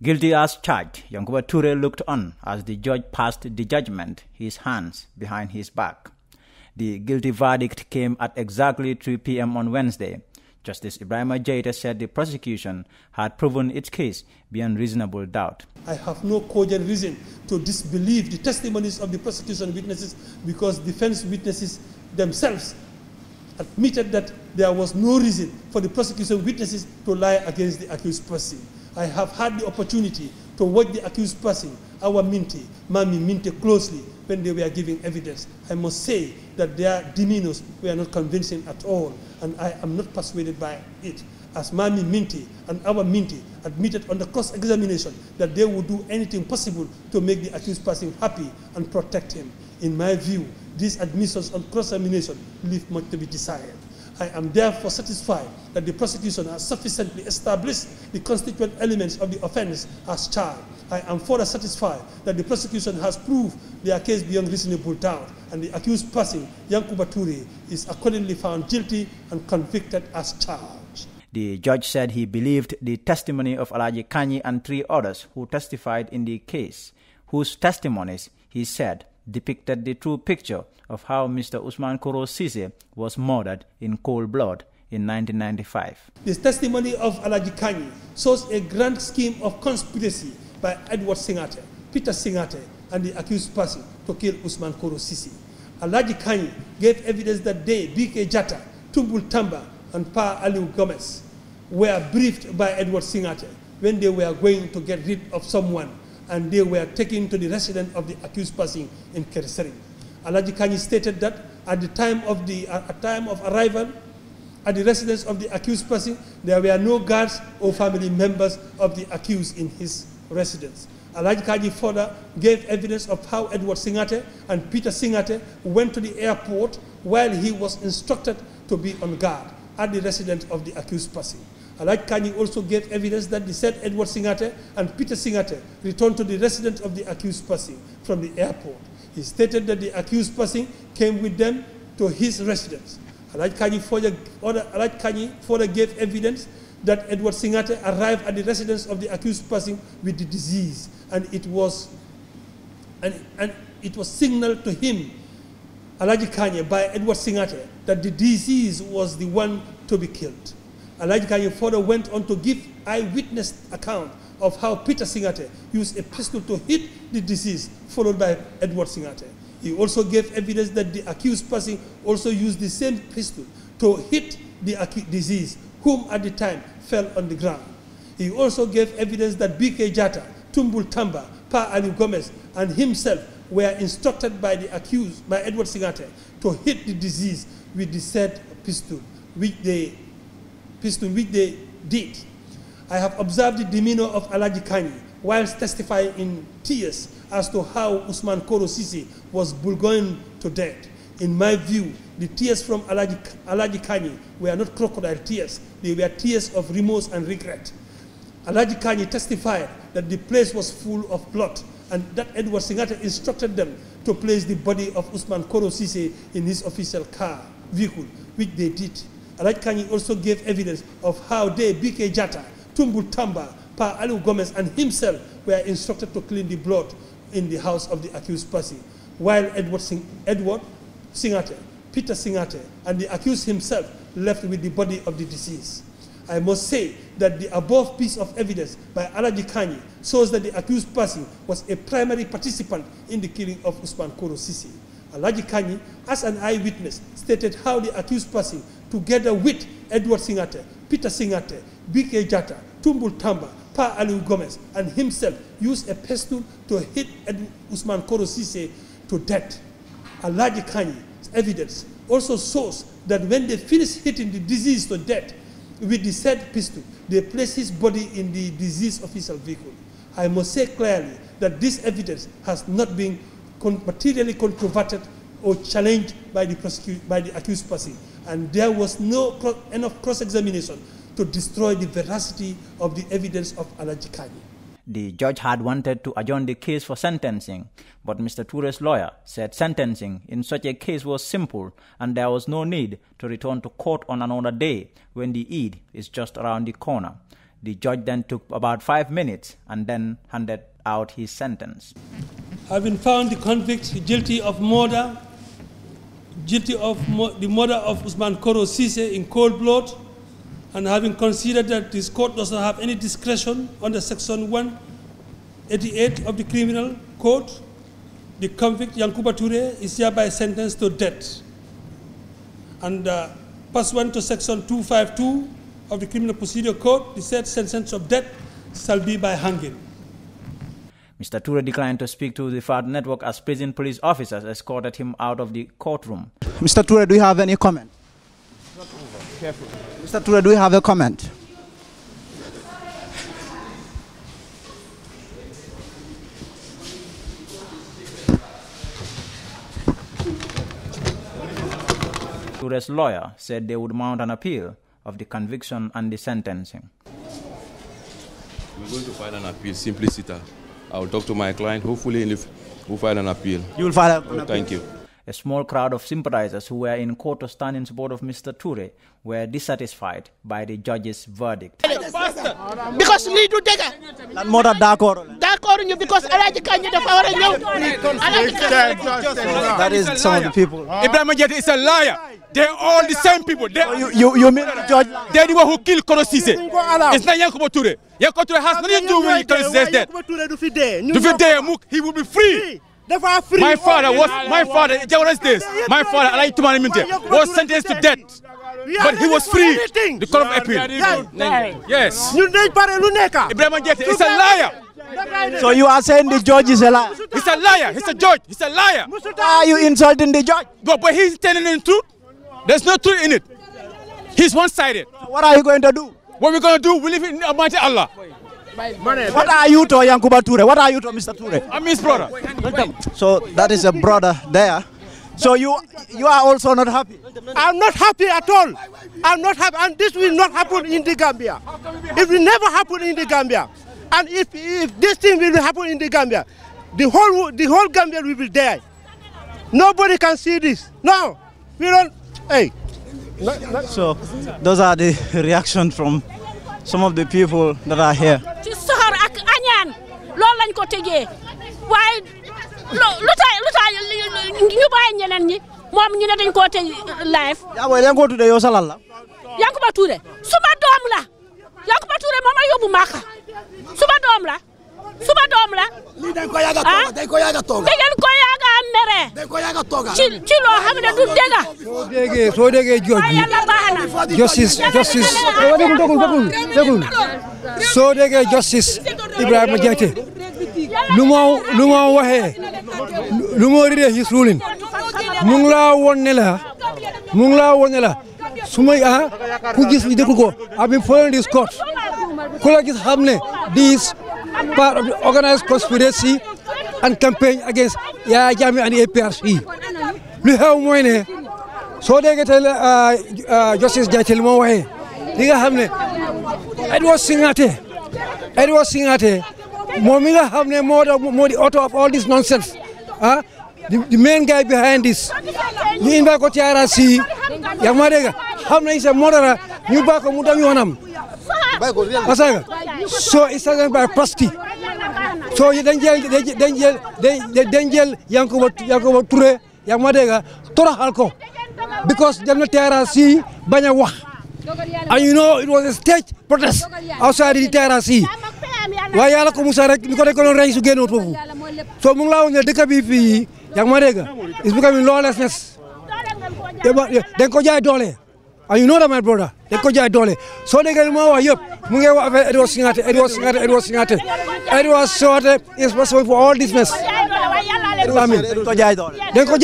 Guilty as charged, Yankuba Ture looked on as the judge passed the judgment, his hands behind his back. The guilty verdict came at exactly 3 p.m. on Wednesday. Justice Ibrahim Jaita said the prosecution had proven its case beyond reasonable doubt. I have no cogent reason to disbelieve the testimonies of the prosecution witnesses because defense witnesses themselves admitted that there was no reason for the prosecution witnesses to lie against the accused person. I have had the opportunity to watch the accused person, our Minty, Mami Minty, closely when they were giving evidence. I must say that their demeanors were not convincing at all, and I am not persuaded by it. As Mami Minty and our Minty admitted on the cross-examination that they would do anything possible to make the accused person happy and protect him. In my view, these admissions on cross-examination leave much to be desired. I am therefore satisfied that the prosecution has sufficiently established the constituent elements of the offense as charged. I am further satisfied that the prosecution has proved their case beyond reasonable doubt, and the accused person, Yankuba Toure, is accordingly found guilty and convicted as charged. The judge said he believed the testimony of Alaji Kanyi and three others who testified in the case, whose testimonies, he said, depicted the true picture of how Mr. Usman Koro Sise was murdered in cold blood in 1995. The testimony of Alaji Kanyi shows a grand scheme of conspiracy by Edward Singate, Peter Singate, and the accused person to kill Usman Koro Sisi. Alaji Kanyi gave evidence that day BK Jata, Tumbul Tamba, and Pa Aliu Gomez were briefed by Edward Singate when they were going to get rid of someone and they were taken to the residence of the accused person in Kerseri. Alaji Kanyi stated that at the time of, the, at time of arrival at the residence of the accused person, there were no guards or family members of the accused in his residence. Alaji Kaji further gave evidence of how Edward Singate and Peter Singate went to the airport while he was instructed to be on guard at the residence of the accused person. Alaj Kani also gave evidence that the said Edward Singate and Peter Singate returned to the residence of the accused person from the airport. He stated that the accused person came with them to his residence. Alaj Kani further, further gave evidence that Edward Singate arrived at the residence of the accused person with the disease, and it was, and, and it was signaled to him, Alaji Kanye, by Edward Singate, that the disease was the one to be killed. Elijah father went on to give eyewitness account of how Peter Singate used a pistol to hit the deceased, followed by Edward Singate. He also gave evidence that the accused person also used the same pistol to hit the deceased, whom at the time fell on the ground. He also gave evidence that B.K. Jata, Tumbul Tamba, Pa Ali Gomez, and himself were instructed by the accused, by Edward Singate, to hit the deceased with the said pistol, which they Piston, which they did. I have observed the demeanor of Alaji Kani whilst testifying in tears as to how Usman Koro Sisi was burgoying to death. In my view, the tears from Alaji, Alaji Kani were not crocodile tears, they were tears of remorse and regret. Alaji Kani testified that the place was full of blood and that Edward Singata instructed them to place the body of Usman Koro Sisi in his official car vehicle, which they did. Rajkani also gave evidence of how they, BK Jata, Tumbul Tamba, Pa Alu Gomez, and himself were instructed to clean the blood in the house of the accused person, while Edward, Sing Edward Singate, Peter Singate, and the accused himself left with the body of the deceased. I must say that the above piece of evidence by Alaji shows that the accused person was a primary participant in the killing of Usman Koro Sisi. Alaji Kanyi, as an eyewitness, stated how the accused person, together with Edward Singate, Peter Singate, BK Jata, Tumbul Tamba, Pa Aliu Gomez, and himself, used a pistol to hit Ed Usman Korosise to death. Alaji Kanyi's evidence also shows that when they finished hitting the deceased to death with the said pistol, they placed his body in the disease official vehicle. I must say clearly that this evidence has not been con materially controverted or challenged by the, by the accused person. And there was no cro enough cross-examination to destroy the veracity of the evidence of Alajikani. The judge had wanted to adjourn the case for sentencing, but Mr. Toure's lawyer said sentencing in such a case was simple and there was no need to return to court on another day when the Eid is just around the corner. The judge then took about five minutes and then handed out his sentence have been found the convict guilty of murder, guilty of the murder of Usman Koro Sise in cold blood, and having considered that this court does not have any discretion under Section 188 of the Criminal Code, the convict Yankuba Ture is hereby sentenced to death. And uh, pursuant to Section 252 of the Criminal Procedure Code, the said sentence of death shall be by hanging. Mr. Ture declined to speak to the FAD network as prison police officers escorted him out of the courtroom. Mr. Ture, do you have any comment? Mr. Ture, do you have a comment? Ture's lawyer said they would mount an appeal of the conviction and the sentencing. We're going to file an appeal, simply sita. I will talk to my client. Hopefully, if we file an appeal. You will file an appeal. Thank you. A small crowd of sympathizers who were in court to stand in support of Mr. Ture were dissatisfied by the judge's verdict. Because need to take it. More because That is some of the people. Ibrahim Jet is a liar. They're all the same people. They, you, you, you mean George? They're the one who killed Koro It's not Yankuba Toure. Yankuba Toure has nothing to do with Koro Sise's death. Dufi Deye Muk, he will be free. free. My oh, father was, my father, Jawaras days, my father, Alai Tumani was sentenced to death. But he was free. The court of appeal. Yes. Ibrahim Jeff is a liar. So you are saying the judge is a liar? He's a liar. He's a judge. He's a liar. Are you insulting the judge? No, but he's telling the truth. There's no truth in it. He's one-sided. What are you going to do? What we're going to do, we live in Almighty Allah. What are you to Yankuba Ture? What are you to Mr. Ture? I'm his brother. So that is a brother there. So you you are also not happy? I'm not happy at all. I'm not happy. And this will not happen in the Gambia. It will never happen in the Gambia. And if, if this thing will happen in the Gambia, the whole, the whole Gambia will be there. Nobody can see this. No, we don't, Hey. So those are the reactions from some of the people that are here. ci soxor ak añaan loolu lañ ko tëjee waaye lu tax lu tax ñu bàyyi ñeneen ñi moom ñu ne dañ koo tëj live. yaa ah, booy yaa ngi ko tuddee yow salal la. Yankuba Touré suma doom la Yankuba Touré moom a yóbbu Màkka suma doom la suma doom la. lii dañ ko yàgg a toog ah? dañ ko yàgg a toog. terrain ci loo xam ne du dëgg. soo déggee soo déggee jooj bi justice justice dégul dégul dégul soo déggee justice Ibrahima Diaté lu lu moo waxee lu moo riree ci suulin mu ngi la mu ngi laa won la su may ah ku gis li déglu ko I've been following this court ku la gis xam ne this of the organized conspiracy and campaign against Yaya Jammeh and APRC lu xew mooy ne soo déggee tey euh, euh, Justice Jaiteh moo waxee li nga xam ne Edward Singate Edward Singate moom mi nga xam ne moo di moo di author of all this nonsense ah main guy behind this ñu invite ko ci RRC yaa ma dégg xam nañ sa moo dara ñu bàyyi mu dem yoonam parce que so by proxy soo yi dañ jël dañ jël dañ jël Yankuba Yankuba Touré yaa ngi ma ko because dem na terrasse yi bañ a wax and you know it was a stage protest outside di terrasse yi waaye yàlla ko Musa rek ni ko deko noon rey su génnoon foofu soo mu ngi laa woon ne dëkk bi fii yaa ngi ma dégg it's lawlessness dañ jaay doole and you know that my brother dañ ko jaay doole soo déggee li ma wax yëpp mu ngi wax affaire Edward Singate Edward Singate Edward Singate Edward Singate is for all this mess amin dañ ko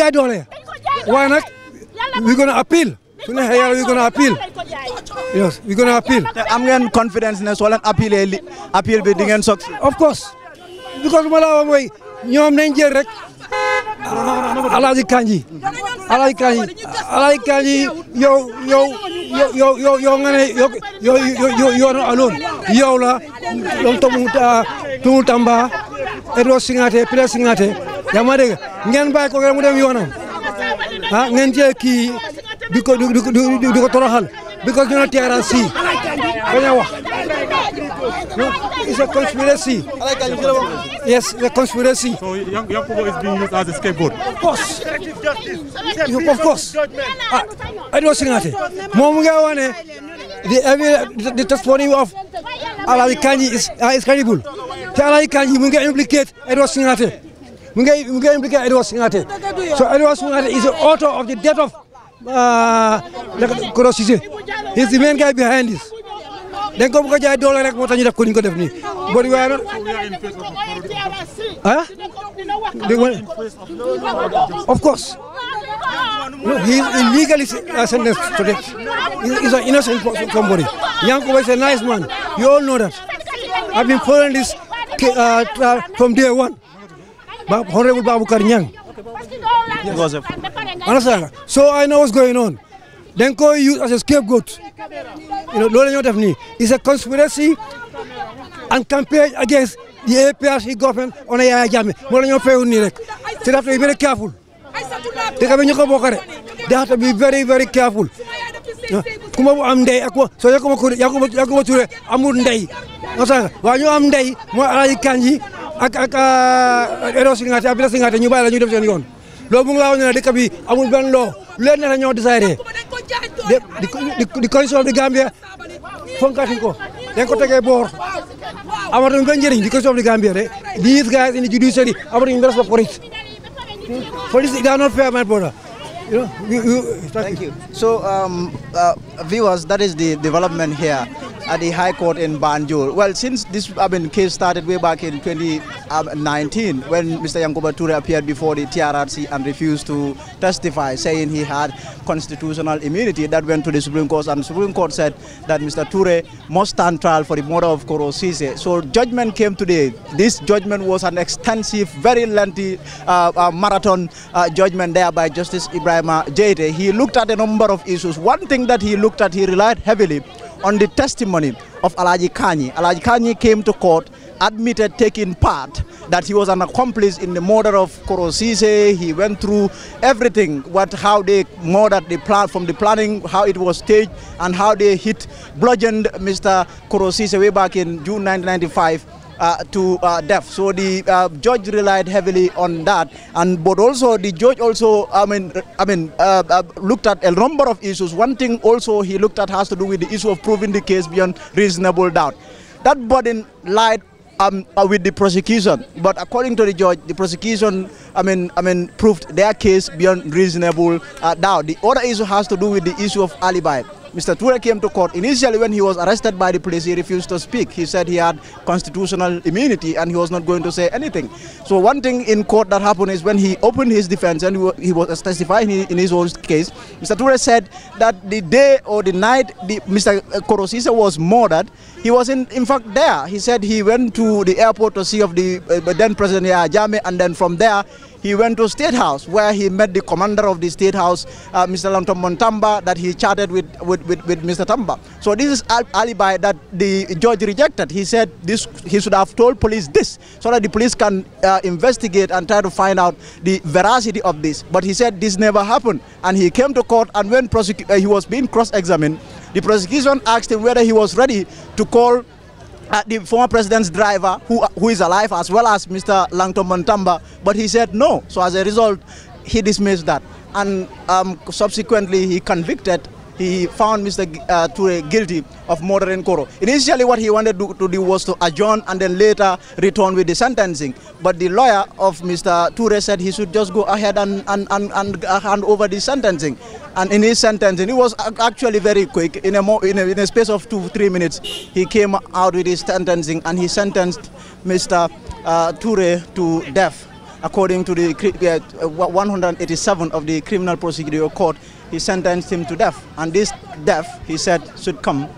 jaay doole waaye nag we gonna appeal su neexee yàlla we gonna appeal am ngeen confidence ne soo leen appealee li appeal bi di ngeen soog of course because ma la wax mooy ñoom nañ jël rek Alaaji Kanji Alaaji Kanji Alaaji Kanji yow yow yow yow yow nga ne yow yow yow yow aloon yow la donc tomu tumu Tamba eto singate pile singate yaa ma dégg ngeen bàyyi ko mu dem yoonam ah ngeen jël kii di ko di ko toroxal di ko gën a teeral It's a conspiracy. Yes, it's a conspiracy. So young, young people is being used as a scapegoat. Of course. Of course. Ah, I don't think that. Momugawane, the, the testimony of Alawi Kanyi is, uh, is credible. The Alawi Kanyi, we get implicated, I don't think that. We get implicated, I don't think that. So I don't think that is the author of the death of uh, Kurosise. He's the main guy behind this. dañ ko bëgg a jaay doole rek moo tax ñu def ko ni ñu ko def nii bon waaye nag ah dégg of course he is illegally sentenced to death he is an innocent somebody Yankuba is a nice man you all know that I've been following this uh, from day one Honorable Babukar Nyang yes. understand so I know what's going on dañ koy use as a scapegoat loolu la ñoo def nii it's a conspiracy and campaign against the APRC government on a Yaya moo la ñoo feewul nii rek te dafa be very careful te ka be ñu ko bokk rek dafa be very very careful ah, kuma bu am ndey ak wa soo Yankuba Touré Yankuba Touré amul ndey nga sax waaye ñu am ndey mooy Alaaji Kanji ak ak ah, Edo Singate Abila Singate ñu bàyyi la ñu def seen yoon loolu mu laa wax ne dëkk bi loo leen na ñoo di condition of the Gambia fonkati ko den ko tege bor amatu ben jeriñ di condition of the Gambia de these guys in the judiciary amatu ñu respect for it police they are not fair man brother you know, thank, you. you. So, um, uh, viewers, that is the development here. at the High Court in Banjul. Well, since this I mean, case started way back in 2019 when Mr. Yankuba appeared before the TRRC and refused to testify, saying he had constitutional immunity. That went to the Supreme Court, and the Supreme Court said that Mr. Toure must stand trial for the murder of Koro Sise. So judgment came today. This judgment was an extensive, very lengthy uh, uh, marathon uh, judgment there by Justice Ibrahima Jete. He looked at a number of issues. One thing that he looked at, he relied heavily on the testimony of Alaji Kanyi. Alaji Kanyi came to court, admitted taking part, that he was an accomplice in the murder of Korosise. He went through everything, what, how they murdered the plan, from the planning, how it was staged, and how they hit, bludgeoned Mr. Korosise way back in June 1995 uh, to uh, death. So the uh, judge relied heavily on that, and but also the judge also, I mean, I mean, looked at a number of issues. One thing also he looked at has to do with the issue of proving the case beyond reasonable doubt. That burden lied um, uh, with the prosecution. But according to the judge, the prosecution, I mean, I mean, proved their case beyond reasonable uh, doubt. The other issue has to do with the issue of alibi. Mr. Ture came to court. Initially, when he was arrested by the police, he refused to speak. He said he had constitutional immunity and he was not going to say anything. So one thing in court that happened is when he opened his defense and he was testifying in his own case, Mr. Ture said that the day or the night the, Mr. Korosisa was murdered, he was in, in fact there. He said he went to the airport to see of the uh, then President Yahya Jammeh and then from there he went to State House where he met the commander of the State House, uh, Mr. Lantom Montamba, that he chatted with, with, with, with, Mr. Tamba. So this is al alibi that the judge rejected. He said this he should have told police this so that the police can uh, investigate and try to find out the veracity of this. But he said this never happened. And he came to court and when uh, he was being cross-examined, the prosecution asked him whether he was ready to call uh, the former president's driver, who, uh, who is alive, as well as Mr. Langton Montamba, but he said no. So as a result, he dismissed that. And um, subsequently, he convicted, he found Mr. G uh, Ture guilty of murdering Koro. Initially, what he wanted to, to, do was to adjourn and then later return with the sentencing. But the lawyer of Mr. Ture said he should just go ahead and, and, and, and uh, hand over the sentencing. And in his sentencing, it was actually very quick, in a, in a, in a space of two, three minutes, he came out with his sentencing and he sentenced Mr. Uh, Ture to death. According to the uh, 187 of the Criminal Procedural Court, he sentenced him to death. And this death, he said, should come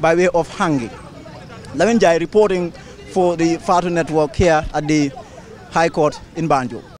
by way of hanging. Lamin Jai reporting for the Fatu Network here at the High Court in Banjo.